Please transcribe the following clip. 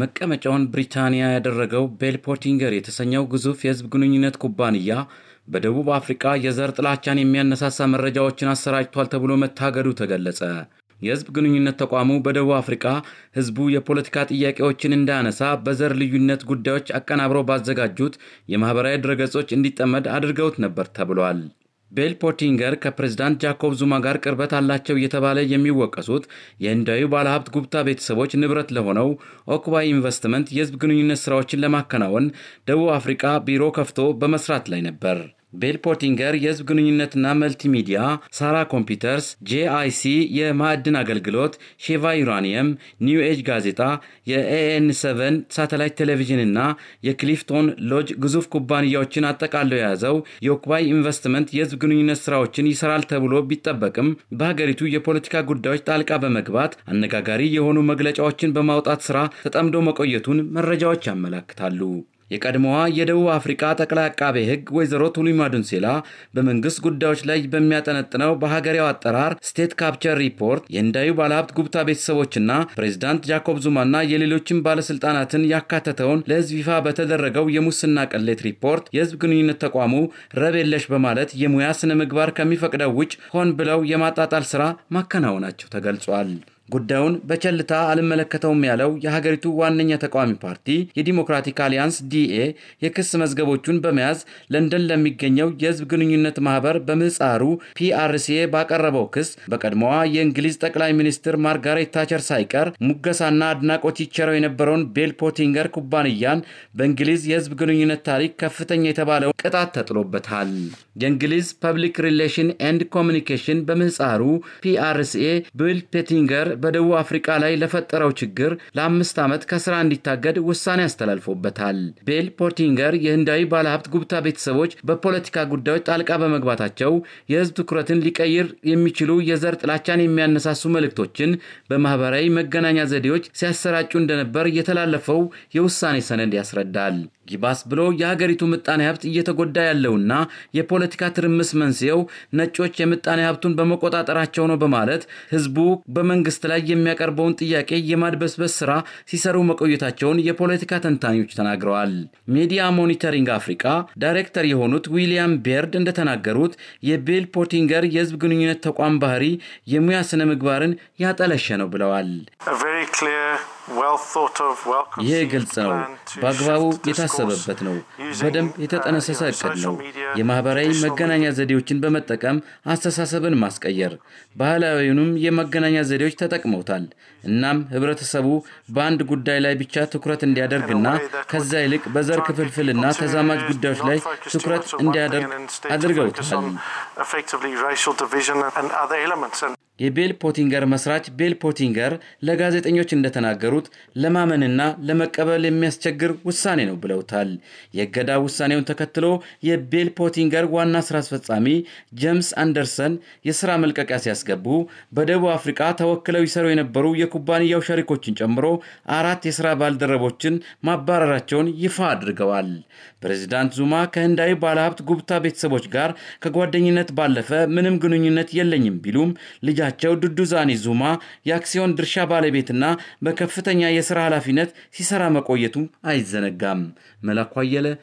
መቀመጫውን ብሪታንያ ያደረገው ቤል ፖቲንገር የተሰኘው ግዙፍ የሕዝብ ግንኙነት ኩባንያ በደቡብ አፍሪካ የዘር ጥላቻን የሚያነሳሳ መረጃዎችን አሰራጭቷል ተብሎ መታገዱ ተገለጸ። የህዝብ ግንኙነት ተቋሙ በደቡብ አፍሪካ ህዝቡ የፖለቲካ ጥያቄዎችን እንዳያነሳ በዘር ልዩነት ጉዳዮች አቀናብረው ባዘጋጁት የማኅበራዊ ድረገጾች እንዲጠመድ አድርገውት ነበር ተብሏል። ቤልፖቲንገር ፖቲንገር ከፕሬዝዳንት ጃኮብ ዙማ ጋር ቅርበት አላቸው እየተባለ የሚወቀሱት የህንዳዊ ባለሀብት ጉብታ ቤተሰቦች ንብረት ለሆነው ኦክባይ ኢንቨስትመንት የህዝብ ግንኙነት ስራዎችን ለማከናወን ደቡብ አፍሪቃ ቢሮ ከፍቶ በመስራት ላይ ነበር። ቤል ፖርቲንገር የህዝብ ግንኙነትና መልቲሚዲያ፣ ሳራ ኮምፒውተርስ፣ ጄአይሲ የማዕድን አገልግሎት፣ ሼቫ ዩራኒየም፣ ኒው ኤጅ ጋዜጣ፣ የኤኤን 7 ሳተላይት ቴሌቪዥንና የክሊፍቶን ሎጅ ግዙፍ ኩባንያዎችን አጠቃለው የያዘው የኦኩባይ ኢንቨስትመንት የህዝብ ግንኙነት ስራዎችን ይሰራል ተብሎ ቢጠበቅም በሀገሪቱ የፖለቲካ ጉዳዮች ጣልቃ በመግባት አነጋጋሪ የሆኑ መግለጫዎችን በማውጣት ስራ ተጠምዶ መቆየቱን መረጃዎች ያመላክታሉ። የቀድሞዋ የደቡብ አፍሪካ ጠቅላይ አቃቤ ሕግ ወይዘሮ ቱሊማ ዱንሴላ በመንግስት ጉዳዮች ላይ በሚያጠነጥነው በሀገሬው አጠራር ስቴት ካፕቸር ሪፖርት የእንዳዩ ባለሀብት ጉብታ ቤተሰቦችና ፕሬዚዳንት ጃኮብ ዙማና የሌሎችን ባለስልጣናትን ያካተተውን ለህዝብ ይፋ በተደረገው የሙስና ቅሌት ሪፖርት የህዝብ ግንኙነት ተቋሙ ረብ የለሽ በማለት የሙያ ስነ ምግባር ከሚፈቅደው ውጭ ሆን ብለው የማጣጣል ስራ ማከናወናቸው ተገልጿል። ጉዳዩን በቸልታ አልመለከተውም ያለው የሀገሪቱ ዋነኛ ተቃዋሚ ፓርቲ የዲሞክራቲክ አሊያንስ ዲኤ የክስ መዝገቦቹን በመያዝ ለንደን ለሚገኘው የህዝብ ግንኙነት ማህበር በምህፃሩ ፒአርሲኤ ባቀረበው ክስ በቀድሞዋ የእንግሊዝ ጠቅላይ ሚኒስትር ማርጋሬት ታቸር ሳይቀር ሙገሳና አድናቆት ይቸረው የነበረውን ቤል ፖቲንገር ኩባንያን በእንግሊዝ የህዝብ ግንኙነት ታሪክ ከፍተኛ የተባለው ቅጣት ተጥሎበታል። የእንግሊዝ ፐብሊክ ሪሌሽን ኤንድ ኮሚኒኬሽን በምህፃሩ ፒአርሲኤ ቤል ፔቲንገር በደቡብ አፍሪቃ ላይ ለፈጠረው ችግር ለአምስት ዓመት ከስራ እንዲታገድ ውሳኔ አስተላልፎበታል። ቤል ፖርቲንገር የህንዳዊ ባለሀብት ጉብታ ቤተሰቦች በፖለቲካ ጉዳዮች ጣልቃ በመግባታቸው የህዝብ ትኩረትን ሊቀይር የሚችሉ የዘር ጥላቻን የሚያነሳሱ መልእክቶችን በማህበራዊ መገናኛ ዘዴዎች ሲያሰራጩ እንደነበር የተላለፈው የውሳኔ ሰነድ ያስረዳል። ይባስ ብሎ የሀገሪቱ ምጣኔ ሀብት እየተጎዳ ያለውና የፖለቲካ ትርምስ መንስኤው ነጮች የምጣኔ ሀብቱን በመቆጣጠራቸው ነው በማለት ህዝቡ በመንግስት ላይ የሚያቀርበውን ጥያቄ የማድበስበስ ስራ ሲሰሩ መቆየታቸውን የፖለቲካ ተንታኞች ተናግረዋል። ሚዲያ ሞኒተሪንግ አፍሪካ ዳይሬክተር የሆኑት ዊሊያም ቤርድ እንደተናገሩት የቢል ፖቲንገር የህዝብ ግንኙነት ተቋም ባህሪ የሙያ ስነ ምግባርን ያጠለሸ ነው ብለዋል። ይህ ግልጽ ነው። በአግባቡ የታሰበበት ነው። በደንብ የተጠነሰሰ እቅድ ነው። የማህበራዊ መገናኛ ዘዴዎችን በመጠቀም አስተሳሰብን ማስቀየር፣ ባህላዊውንም የመገናኛ ዘዴዎች ተጠቅመውታል። እናም ህብረተሰቡ በአንድ ጉዳይ ላይ ብቻ ትኩረት እንዲያደርግና ከዛ ይልቅ በዘር ክፍልፍልና ተዛማጅ ጉዳዮች ላይ ትኩረት እንዲያደርግ አድርገውታል። የቤል ፖቲንገር መስራች ቤል ፖቲንገር ለጋዜጠኞች እንደተናገሩት ለማመንና ለመቀበል የሚያስቸግር ውሳኔ ነው ብለውታል። የእገዳ ውሳኔውን ተከትሎ የቤል ፖቲንገር ዋና ስራ አስፈጻሚ ጄምስ አንደርሰን የስራ መልቀቂያ ሲያስገቡ በደቡብ አፍሪካ ተወክለው ይሰሩ የነበሩ የኩባንያው ሸሪኮችን ጨምሮ አራት የስራ ባልደረቦችን ማባረራቸውን ይፋ አድርገዋል። ፕሬዚዳንት ዙማ ከህንዳዊ ባለሀብት ጉብታ ቤተሰቦች ጋር ከጓደኝነት ባለፈ ምንም ግንኙነት የለኝም ቢሉም ልጃ ልጃቸው ዱዱ ዙማ የአክሲዮን ድርሻ ባለቤትና በከፍተኛ የሥራ ኃላፊነት ሲሠራ መቆየቱ አይዘነጋም። መላኩ አየለ